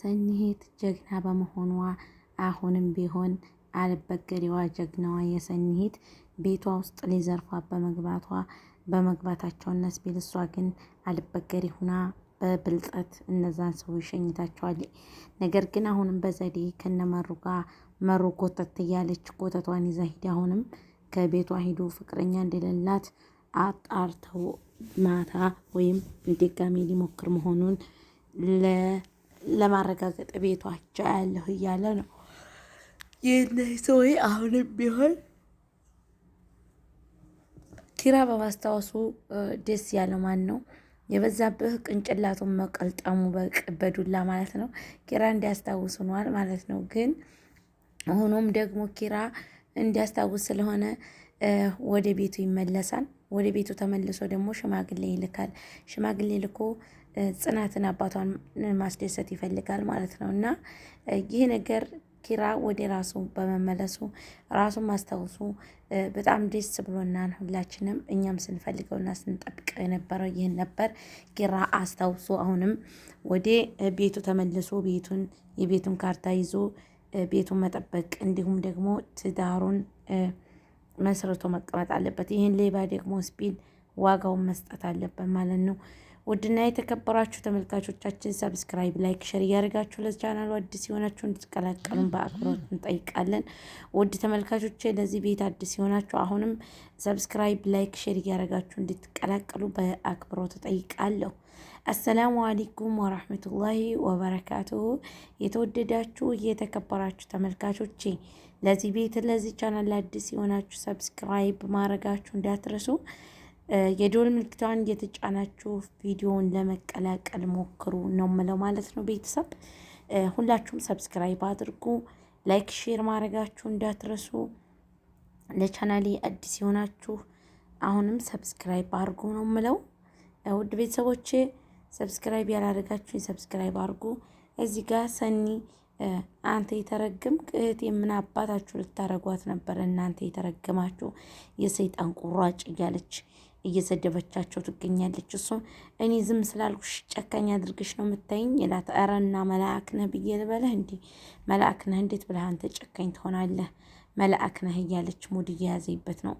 ሰኒሄት ጀግና በመሆኗ አሁንም ቢሆን አልበገሬዋ ጀግናዋ የሰኒሄት ቤቷ ውስጥ ሊዘርፏ በመግባቷ በመግባታቸው እነ አስቤል እሷ ግን አልበገሪ ሁና በብልጠት እነዛን ሰዎች ሸኝታቸዋል። ነገር ግን አሁንም በዘዴ ከነመሩ ጋር መሩ ጎተት እያለች ጎተቷን ይዛ ሂድ አሁንም ከቤቷ ሂዶ ፍቅረኛ እንደሌላት አጣርተው ማታ ወይም ድጋሜ ሊሞክር መሆኑን ለ ለማረጋገጥ ቤቷቸው ያለሁ እያለ ነው። ይህ ሰው አሁንም ቢሆን ኪራ በማስታወሱ ደስ ያለ ማን ነው የበዛብህ ቅንጭላቱን መቀልጠሙ በዱላ ማለት ነው። ኪራ እንዲያስታውስ ሆኗል ማለት ነው። ግን ሆኖም ደግሞ ኪራ እንዲያስታውስ ስለሆነ ወደ ቤቱ ይመለሳል። ወደ ቤቱ ተመልሶ ደግሞ ሽማግሌ ይልካል። ሽማግሌ ልኮ ጽናትን አባቷን ማስደሰት ይፈልጋል ማለት ነው እና ይህ ነገር ኪራ ወደ ራሱ በመመለሱ ራሱን ማስታወሱ በጣም ደስ ብሎናል። ሁላችንም እኛም ስንፈልገውና ስንጠብቀው የነበረው ይህን ነበር። ኪራ አስታውሶ አሁንም ወደ ቤቱ ተመልሶ ቤቱን የቤቱን ካርታ ይዞ ቤቱን መጠበቅ እንዲሁም ደግሞ ትዳሩን መስርቶ መቀመጥ አለበት። ይህን ሌባ ደግሞ ስፒል ዋጋውን መስጠት አለበት ማለት ነው። ውድና የተከበራችሁ ተመልካቾቻችን ሰብስክራይብ፣ ላይክ፣ ሸር እያደረጋችሁ ለቻናሉ አዲስ የሆናችሁ እንድትቀላቀሉን በአክብሮት እንጠይቃለን። ውድ ተመልካቾቼ ለዚህ ቤት አዲስ የሆናችሁ አሁንም ሰብስክራይብ፣ ላይክ፣ ሸር እያደረጋችሁ እንድትቀላቀሉ በአክብሮት እጠይቃለሁ። አሰላሙ አለይኩም ወራህመቱላሂ ወበረካቱሁ። የተወደዳችሁ የተከበራችሁ ተመልካቾቼ ለዚህ ቤት ለዚህ ቻናል አዲስ የሆናችሁ ሰብስክራይብ ማድረጋችሁ እንዳትረሱ። የዶል ምልክቷን እየተጫናችሁ ቪዲዮውን ለመቀላቀል ሞክሩ ነው ምለው ማለት ነው። ቤተሰብ ሁላችሁም ሰብስክራይብ አድርጉ፣ ላይክ፣ ሼር ማድረጋችሁ እንዳትረሱ። ለቻናሌ አዲስ የሆናችሁ አሁንም ሰብስክራይብ አድርጉ ነው ምለው። ውድ ቤተሰቦቼ ሰብስክራይብ ያላደረጋችሁኝ ሰብስክራይብ አድርጉ። እዚህ ጋር ሰኒ አንተ የተረግም ቅህት ምን አባታችሁ ልታረጓት ነበር እናንተ የተረግማችሁ የሰይጣን ቁራጭ እያለች እየሰደበቻቸው ትገኛለች። እሱም እኔ ዝም ስላልኩሽ ጨካኝ አድርገሽ ነው የምታይኝ ይላት። እረና መልአክ ነህ ብዬ ልበለህ እንዴ? መልአክ ነህ እንዴት ብለህ አንተ ጨካኝ ትሆናለህ? መልአክ ነህ እያለች ሙድ እየያዘይበት ነው።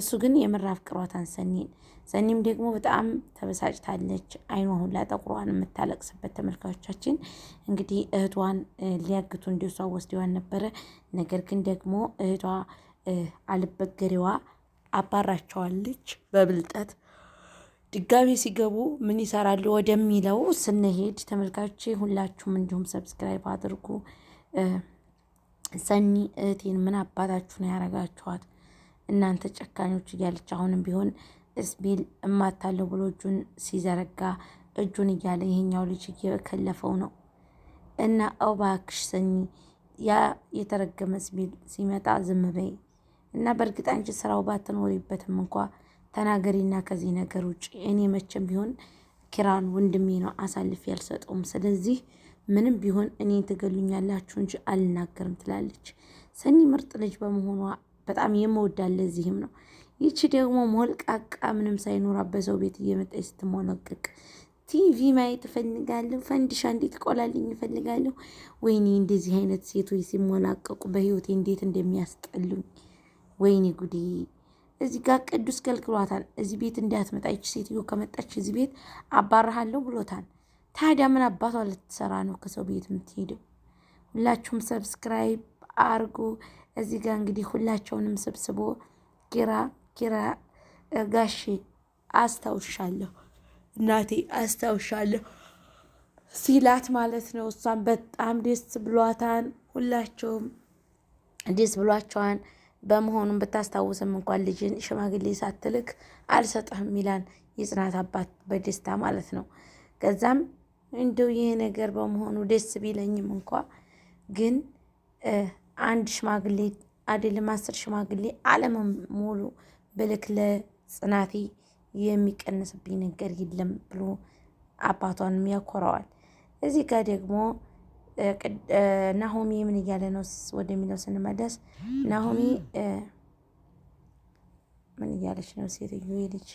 እሱ ግን የምር አፍቅሯታን ሰኒን። ሰኒም ደግሞ በጣም ተበሳጭታለች። አይኗ ሁላ ጠቁሯን የምታለቅስበት ተመልካቾቻችን እንግዲህ እህቷን ሊያግቱ እንዲሷ ወስደዋን ነበረ። ነገር ግን ደግሞ እህቷ አልበገሬዋ አባራቸዋለች በብልጠት ድጋሚ ሲገቡ ምን ይሰራሉ ወደሚለው ስንሄድ ተመልካች ሁላችሁም እንዲሁም ሰብስክራይብ አድርጉ። ሰኒ እህቴን ምን አባታችሁ ነው ያረጋችኋት እናንተ ጨካኞች እያለች አሁንም ቢሆን እስቢል እማታለው ብሎ እጁን ሲዘረጋ እጁን እያለ ይሄኛው ልጅ እየከለፈው ነው። እና እባክሽ ሰኒ ያ የተረገመ እስቢል ሲመጣ ዝም በይ። እና በእርግጥ አንቺ ስራው ባትኖሪበትም እንኳ ተናገሪና ከዚህ ነገር ውጭ እኔ መቼም ቢሆን ኪራን ወንድሜ ነው አሳልፌ አልሰጠውም። ስለዚህ ምንም ቢሆን እኔ ትገሉኛላችሁ እንጂ አልናገርም ትላለች። ሰኒ ምርጥ ልጅ በመሆኗ በጣም የምወዳለ ለዚህም ነው ይቺ ደግሞ ሞልቃቃ ምንም ሳይኖራ በሰው ቤት እየመጣች ስትሞለቅቅ ቲቪ ማየት እፈልጋለሁ፣ ፈንዲሻ እንዴት ቆላልኝ እፈልጋለሁ። ወይኔ እንደዚህ አይነት ሴቶች ሲሞላቀቁ በህይወቴ እንዴት እንደሚያስጠሉኝ ወይኔ ጉዴ! እዚህ ጋር ቅዱስ ገልግሏታል። እዚህ ቤት እንዳትመጣ ይች ሴትዮ ከመጣች እዚህ ቤት አባረሃለሁ ብሎታል። ታዲያ ምን አባቷ ልትሰራ ነው ከሰው ቤት የምትሄደው? ሁላችሁም ሰብስክራይብ አርጉ። እዚህ ጋር እንግዲህ ሁላቸውንም ሰብስቦ ኪራ ኪራ ጋሼ አስታውሻለሁ እናቴ አስታውሻለሁ ሲላት ማለት ነው። እሷን በጣም ደስ ብሏታን ሁላቸውም ደስ ብሏቸዋን በመሆኑም ብታስታውስም እንኳን ልጅን ሽማግሌ ሳትልክ አልሰጥህም ይላል የጽናት አባት በደስታ ማለት ነው። ከዛም እንደው ይህ ነገር በመሆኑ ደስ ቢለኝም እንኳ ግን አንድ ሽማግሌ አይደለም አስር ሽማግሌ አለም ሙሉ ብልክ ለጽናቴ የሚቀንስብኝ ነገር የለም ብሎ አባቷንም ያኮረዋል። እዚህ ጋር ደግሞ ናሆሚ ምን እያለ ነው ወደሚለው ስንመለስ ናሆሚ ምን እያለች ነው ሴትዮ ልጅ?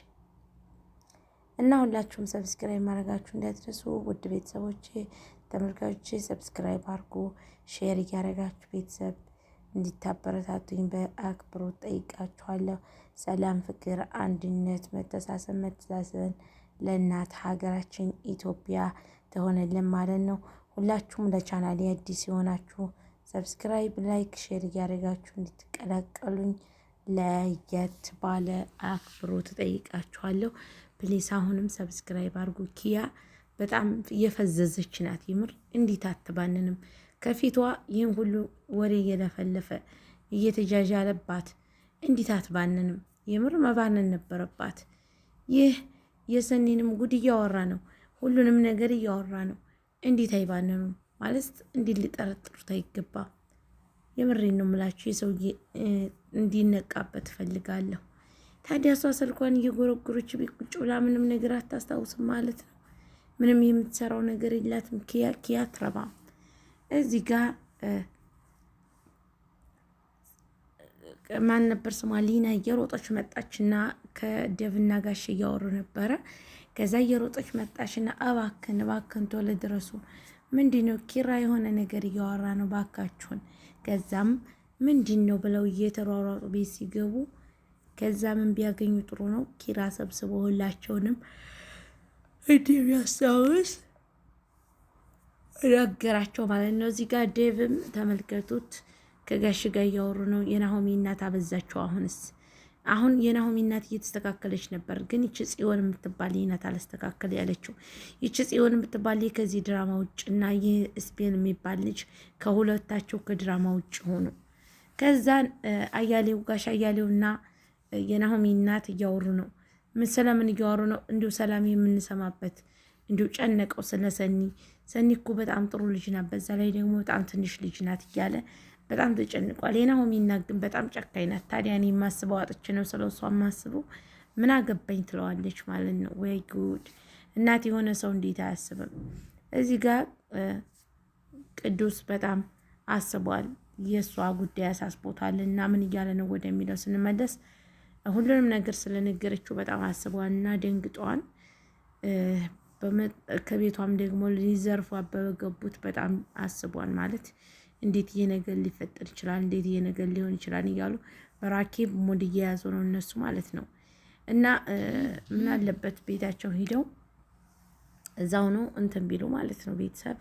እና ሁላችሁም ሰብስክራይብ ማድረጋችሁ እንዳትረሱ ውድ ቤተሰቦች፣ ተመልካቾች ሰብስክራይብ አድርጉ፣ ሼር እያደረጋችሁ ቤተሰብ እንዲታበረታቱኝ በአክብሮት ጠይቃችኋለሁ። ሰላም፣ ፍቅር፣ አንድነት፣ መተሳሰብ መተዛዘን ለእናት ሀገራችን ኢትዮጵያ ተሆነልን ማለት ነው። ሁላችሁም ለቻናሌ አዲስ የሆናችሁ ሰብስክራይብ፣ ላይክ፣ ሼር እያደረጋችሁ እንድትቀላቀሉኝ ለየት ባለ አክብሮት እጠይቃችኋለሁ። ፕሊስ አሁንም ሰብስክራይብ አድርጉ። ኪያ በጣም የፈዘዘች ናት። ይምር እንዴት አትባንንም። ከፊቷ ይህን ሁሉ ወሬ እየለፈለፈ እየተጃዣለባት እንዴት አትባንንም። የምር መባንን ነበረባት። ይህ የሰኒንም ጉድ እያወራ ነው። ሁሉንም ነገር እያወራ ነው። እንዴት አይባንኑ ማለት እንዴት ሊጠረጥሩት አይገባ። የምሬን ነው ምላችሁ የሰውዬ እንዲነቃበት ፈልጋለሁ። ታዲያ እሷ ስልኳን እየጎረጎረች ቤት ቁጭ ብላ ምንም ነገር አታስታውስም ማለት ነው። ምንም የምትሰራው ነገር የላትም። ኪያ ኪያ አትረባም። እዚህ ጋ ማን ነበር ስሟ? ሊና እየሮጠች መጣችና ከደብና ጋሽ እያወሩ ነበረ ከዛ እየሮጠች መጣሽና እባክን እባክን ቶሎ ድረሱ፣ ምንድነው ኪራ የሆነ ነገር እያወራ ነው ባካችሁን። ከዛም ምንድን ነው ብለው እየተሯሯጡ ቤት ሲገቡ ከዛ ምን ቢያገኙ ጥሩ ነው ኪራ ሰብስቦ ሁላቸውንም እንደሚያስታውስ ነገራቸው ማለት ነው። እዚህ ጋር ዴቭም ተመልከቱት ከጋሽ ጋር እያወሩ ነው። የናሆሚ እናት አበዛቸው አሁንስ አሁን የናሆሚ እናት እየተስተካከለች ነበር፣ ግን ይቺ ጽዮን የምትባል ይነት አላስተካከል ያለችው። ይቺ ጽዮን የምትባል ከዚህ ድራማ ውጭ እና ይህ ስፔን የሚባል ልጅ ከሁለታቸው ከድራማ ውጭ ሆኑ። ከዛን አያሌው ጋሽ አያሌውና የናሆሚ እናት እያወሩ ነው። ምን ስለምን እያወሩ ነው? እንዲሁ ሰላም የምንሰማበት እንዲሁ ጨነቀው ስለ ሰኒ። ሰኒ እኮ በጣም ጥሩ ልጅ ናት፣ በዛ ላይ ደግሞ በጣም ትንሽ ልጅ ናት እያለ በጣም ተጨንቋል። የናሆም ይናግ ግን በጣም ጨካኝ ናት። ታዲያ እኔ የማስበው አጥቼ ነው ስለ እሷ የማስበው ምን አገባኝ ትለዋለች ማለት ነው። ወይ ጉድ! እናት የሆነ ሰው እንዴት አያስብም? እዚህ ጋር ቅዱስ በጣም አስቧል። የእሷ ጉዳይ አሳስቦታል እና ምን እያለ ነው ወደሚለው ስንመለስ ሁሉንም ነገር ስለነገረችው በጣም አስቧል እና ደንግጧል። ከቤቷም ደግሞ ሊዘርፏ በገቡት በጣም አስቧል ማለት እንዴት ይሄ ነገር ሊፈጠር ይችላል? እንዴት ይሄ ነገር ሊሆን ይችላል? እያሉ ራኬ ሞድ እየያዙ ነው እነሱ ማለት ነው። እና ምን አለበት ቤታቸው ሂደው እዛው ነው እንትን ቢሉ ማለት ነው። ቤተሰብ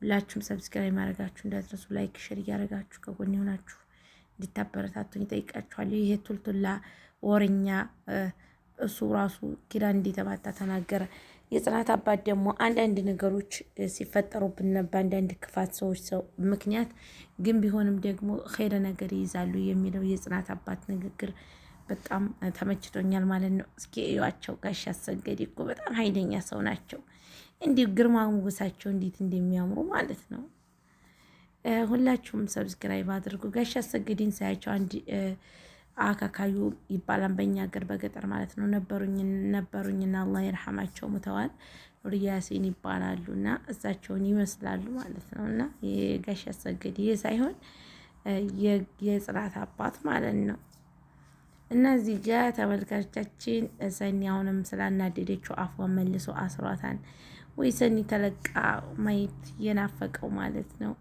ሁላችሁም ሰብስክራይብ ማድረጋችሁ እንዳትረሱ፣ ላይክ ሼር እያደረጋችሁ ከጎን የሆናችሁ እንድታበረታቱኝ እጠይቃችኋለሁ። ይሄ ቱልቱላ ወረኛ እሱ ራሱ ኪዳን እንዲተባታ ተናገረ። የጽናት አባት ደግሞ አንዳንድ ነገሮች ሲፈጠሩብን በአንዳንድ ክፋት ሰዎች ሰው ምክንያት ግን ቢሆንም ደግሞ ኸይረ ነገር ይይዛሉ የሚለው የጽናት አባት ንግግር በጣም ተመችቶኛል ማለት ነው። እስኪ እዩዋቸው፣ ጋሽ አሰገድ እኮ በጣም ኃይለኛ ሰው ናቸው። እንዲሁ ግርማ ሞገሳቸው እንዴት እንደሚያምሩ ማለት ነው። ሁላችሁም ሰብስክራይብ አድርጉ። ጋሽ አሰገድን ሳያቸው አንድ አካካዩ ይባላል በእኛ ሀገር በገጠር ማለት ነው። ነበሩኝ ነበሩኝና አላህ ይርሐማቸው ሙተዋል። ኑርያ ይባላሉ እና እሳቸውን ይመስላሉ ማለት ነው። እና የጋሽ ያሰገድ ይህ ሳይሆን የጽናት አባት ማለት ነው። እና እዚህ ጋ ተመልካቻችን ሰኒ አሁንም ስላናደደችው አፏን መልሶ አስሯታን ወይ ሰኒ ተለቃ ማየት የናፈቀው ማለት ነው።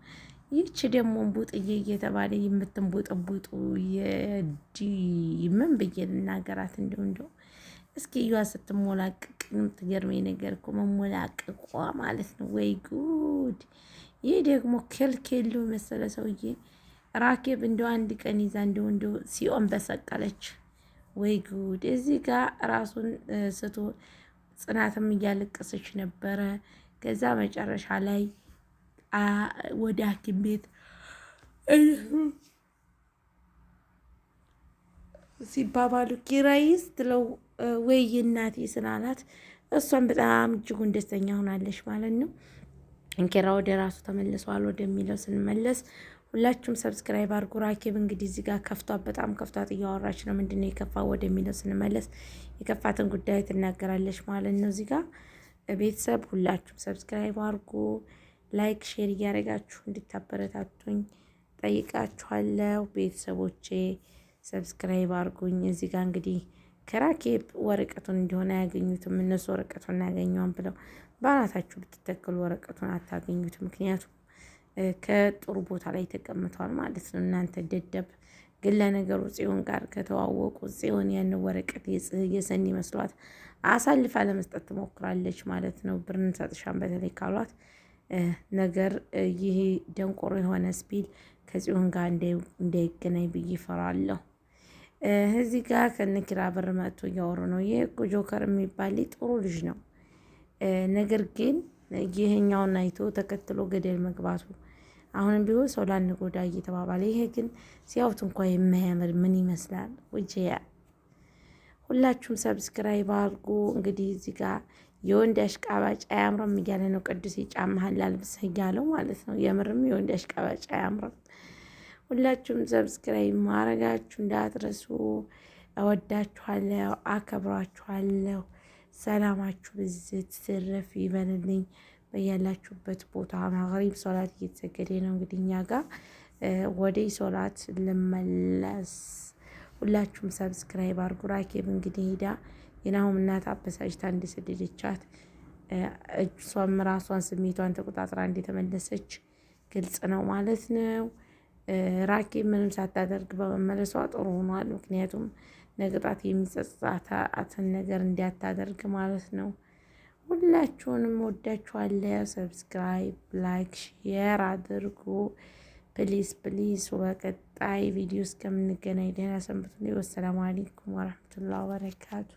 ይህች ደግሞ ቡጥዬ እየተባለ የምትንቡጥቡጡ የዲ ምን ብዬ ልናገራት? እንደው እንደው እስኪ እዩዋ ስትሞላቅቅ የምትገርመኝ ነገር እኮ መሞላቅቋ ማለት ነው። ወይ ጉድ! ይህ ደግሞ ከልኬሎ መሰለ ሰውዬ ራኬብ እንደው አንድ ቀን ይዛ እንደው እንደው ሲኦን በሰቀለች። ወይ ጉድ! እዚህ ጋር ራሱን ስቶ ጽናትም እያለቀሰች ነበረ። ከዛ መጨረሻ ላይ ወደ ሐኪም ቤት ሲባባሉ ኪራይስ ትለው ወይ እናቴ ስላላት እሷን በጣም እጅጉን ደስተኛ ሆናለች ማለት ነው። እንኬራ ወደ ራሱ ተመልሰዋል ወደሚለው ስንመለስ ሁላችሁም ሰብስክራይብ አድርጉ። ራኬብ እንግዲህ እዚህ ጋር ከፍቷት በጣም ከፍቷት እያወራች ነው። ምንድን ነው የከፋ ወደሚለው ስንመለስ የከፋትን ጉዳይ ትናገራለች ማለት ነው። እዚህ ጋር ቤተሰብ ሁላችሁም ሰብስክራይብ አድርጉ። ላይክ ሼር እያደረጋችሁ እንድታበረታቱኝ ጠይቃችኋለሁ። ቤተሰቦቼ ሰብስክራይብ አድርጉኝ። እዚህ ጋር እንግዲህ ከራኬብ ወረቀቱን እንዲሆን አያገኙትም እነሱ ወረቀቱን እናያገኘዋም ብለው በአናታችሁ ብትተክሉ ወረቀቱን አታገኙት ምክንያቱም ከጥሩ ቦታ ላይ ተቀምጠዋል ማለት ነው። እናንተ ደደብ ግን ለነገሩ ጽዮን ጋር ከተዋወቁ ጽዮን ያን ወረቀት የሰኒ መስሏት አሳልፋ ለመስጠት ትሞክራለች ማለት ነው። ብርን ሰጥሻን በተለይ ካሏት ነገር ይሄ ደንቆሮ የሆነ ስፒል ከጽዮን ጋር እንዳይገናኝ ብዬ እፈራለሁ። እዚህ ጋር ከነኪራ በር መጥቶ እያወሩ ነው። ይህ ጆከር የሚባል ጥሩ ልጅ ነው። ነገር ግን ይህኛውን አይቶ ተከትሎ ገደል መግባቱ አሁንም ቢሆን ሰው ላንጎዳ እየተባባለ ይሄ ግን ሲያዩት እንኳ የማያምር ምን ይመስላል? ውጅ ሁላችሁም ሰብስክራይብ አድርጉ። እንግዲህ እዚህ ጋር የወንድ አሽቃባጭ አያምርም እያለ ነው ቅዱስ የጫማህን ላልብስ እያለው ማለት ነው። የምርም የወንድ አሽቃባጭ አያምርም። ሁላችሁም ሰብስክራይብ ማድረጋችሁ እንዳትረሱ። እወዳችኋለሁ፣ አከብሯችኋለሁ። ሰላማችሁ ብዝት ትርፍ ይበልልኝ። በያላችሁበት ቦታ ማቅሪብ ሶላት እየተሰገደ ነው። እንግዲህ እኛ ጋር ወደ ሶላት ልመለስ። ሁላችሁም ሰብስክራይብ አርጉ። ራኬብ እንግዲህ ሄዳ የናሆም እናት አበሳጭታ እንደሰደደቻት እሷም ራሷን ስሜቷን ተቆጣጥራ እንደተመለሰች ግልጽ ነው ማለት ነው። ራኬ ምንም ሳታደርግ በመመለሷ ጥሩ ሆኗል። ምክንያቱም ነግጣት የሚጸጽታትን ነገር እንዲያታደርግ ማለት ነው። ሁላችሁንም ወዳችኋለሁ። ሰብስክራይብ፣ ላይክ፣ ሼር አድርጉ ፕሊስ ፕሊስ። በቀጣይ ቪዲዮ እስከምንገናኝ ደህና ሰንብቱ። ወሰላሙ አሌይኩም ወረህመቱላህ ወበረካቱ